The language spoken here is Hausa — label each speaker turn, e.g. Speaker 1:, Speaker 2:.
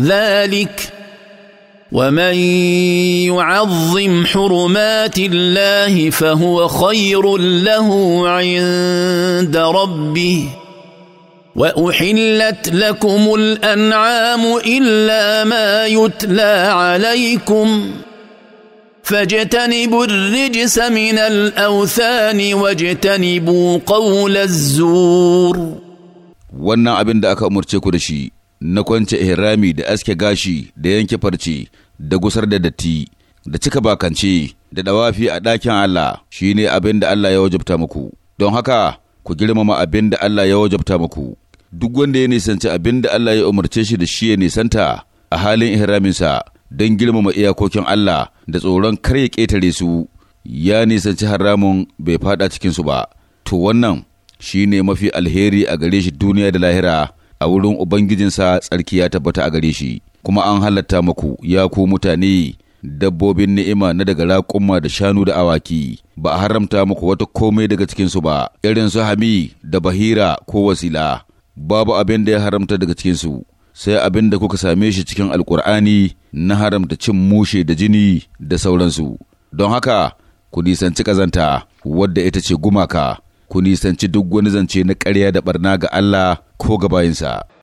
Speaker 1: ذلك ومن يعظم حرمات الله فهو خير له عند ربه واحلت لكم الانعام الا ما يتلى عليكم فاجتنبوا الرجس من الاوثان واجتنبوا قول الزور
Speaker 2: wannan abin da aka umarce ku da shi na kwance ihrami da aske gashi da yanke farce da gusar da datti da cika bakance da dawafi a ɗakin Allah shi ne abin da Allah ya wajabta muku don haka ku girmama abin da Allah ya wajabta muku duk wanda ya nisanci abin da Allah ya umarce shi da shi ya nisanta a halin ihraminsa don girmama iyakokin Allah da tsoron kar ya ƙetare su ya nisanci haramun bai fada cikinsu ba to wannan shi ne mafi alheri a gare shi duniya da lahira a wurin Ubangijinsa tsarki ya tabbata a gare shi, kuma an halatta maku ya ku mutane dabbobin ni'ima na daga raƙumma da shanu da awaki, ba a haramta muku wata komai daga cikinsu ba, irin su hami da bahira ko wasila, babu abin da ya haramta daga cikinsu. Sai abin da kuka same shi cikin al'kur'ani na haramta cin mushe da jini da sauransu, don haka ku nisanci ƙazanta wadda ita ce gumaka. ku nisanci duk wani zance na ƙarya da barna ga Allah ko ga bayinsa.